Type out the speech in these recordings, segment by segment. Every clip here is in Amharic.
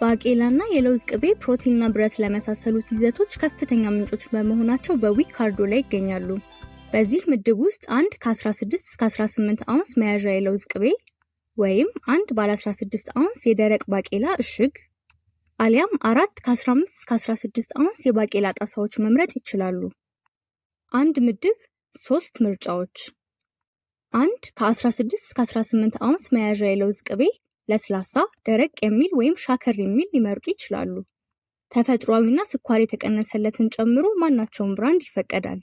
ባቄላና የለውዝ ቅቤ ፕሮቲንና ብረት ለመሳሰሉት ይዘቶች ከፍተኛ ምንጮች በመሆናቸው በዊክ ካርዶ ላይ ይገኛሉ። በዚህ ምድብ ውስጥ አንድ ከ16 እስከ 18 አውንስ መያዣ የለውዝ ቅቤ ወይም አንድ ባለ 16 አውንስ የደረቅ ባቄላ እሽግ አሊያም አራት ከ15 እስከ 16 አውንስ የባቄላ ጣሳዎች መምረጥ ይችላሉ። አንድ ምድብ ሶስት ምርጫዎች አንድ ከ16 እስከ 18 አውንስ መያዣ የለውዝ ቅቤ ለስላሳ፣ ደረቅ የሚል ወይም ሻከር የሚል ሊመርጡ ይችላሉ። ተፈጥሯዊና ስኳር የተቀነሰለትን ጨምሮ ማናቸውም ብራንድ ይፈቀዳል።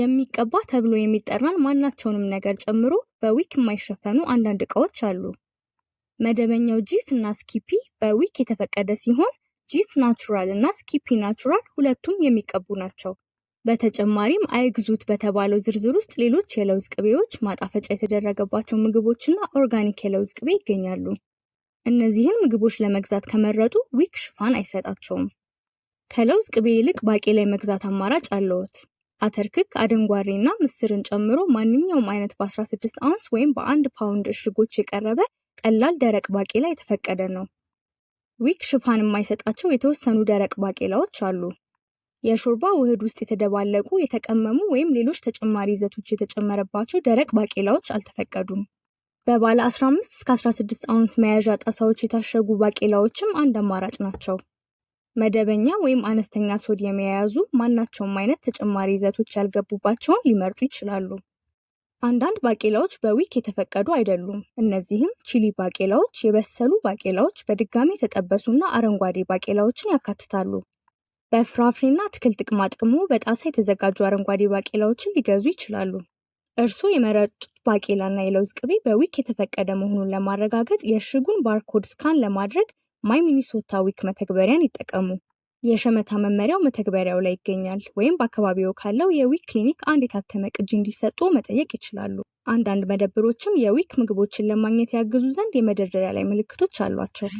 የሚቀባ ተብሎ የሚጠራን ማናቸውንም ነገር ጨምሮ በዊክ የማይሸፈኑ አንዳንድ እቃዎች አሉ። መደበኛው ጂፍ እና ስኪፒ በዊክ የተፈቀደ ሲሆን ጂፍ ናቹራል እና ስኪፒ ናቹራል ሁለቱም የሚቀቡ ናቸው። በተጨማሪም አይግዙት በተባለው ዝርዝር ውስጥ ሌሎች የለውዝ ቅቤዎች፣ ማጣፈጫ የተደረገባቸው ምግቦችና ኦርጋኒክ የለውዝ ቅቤ ይገኛሉ። እነዚህን ምግቦች ለመግዛት ከመረጡ ዊክ ሽፋን አይሰጣቸውም። ከለውዝ ቅቤ ይልቅ ባቄላ የመግዛት አማራጭ አለዎት። አተርክክ፣ አደንጓሬ እና ምስርን ጨምሮ ማንኛውም አይነት በ16 አውንስ ወይም በአንድ ፓውንድ እሽጎች የቀረበ ቀላል ደረቅ ባቄላ የተፈቀደ ነው። ዊክ ሽፋን የማይሰጣቸው የተወሰኑ ደረቅ ባቄላዎች አሉ። የሾርባ ውህድ ውስጥ የተደባለቁ፣ የተቀመሙ ወይም ሌሎች ተጨማሪ ይዘቶች የተጨመረባቸው ደረቅ ባቄላዎች አልተፈቀዱም። በባለ 15 እስከ 16 አውንስ መያዣ ጣሳዎች የታሸጉ ባቄላዎችም አንድ አማራጭ ናቸው። መደበኛ ወይም አነስተኛ ሶዲየም የያዙ ማናቸውም አይነት ተጨማሪ ይዘቶች ያልገቡባቸውን ሊመርጡ ይችላሉ። አንዳንድ ባቄላዎች በዊክ የተፈቀዱ አይደሉም። እነዚህም ቺሊ ባቄላዎች፣ የበሰሉ ባቄላዎች፣ በድጋሚ የተጠበሱና አረንጓዴ ባቄላዎችን ያካትታሉ። በፍራፍሬና አትክልት ጥቅማ ጥቅሙ በጣሳ የተዘጋጁ አረንጓዴ ባቄላዎችን ሊገዙ ይችላሉ። እርስዎ የመረጡት ባቄላና የለውዝ ቅቤ በዊክ የተፈቀደ መሆኑን ለማረጋገጥ የእሽጉን ባርኮድ ስካን ለማድረግ ማይ ሚኒሶታ ዊክ መተግበሪያን ይጠቀሙ። የሸመታ መመሪያው መተግበሪያው ላይ ይገኛል፣ ወይም በአካባቢው ካለው የዊክ ክሊኒክ አንድ የታተመ ቅጂ እንዲሰጡ መጠየቅ ይችላሉ። አንዳንድ መደብሮችም የዊክ ምግቦችን ለማግኘት ያግዙ ዘንድ የመደርደሪያ ላይ ምልክቶች አሏቸው።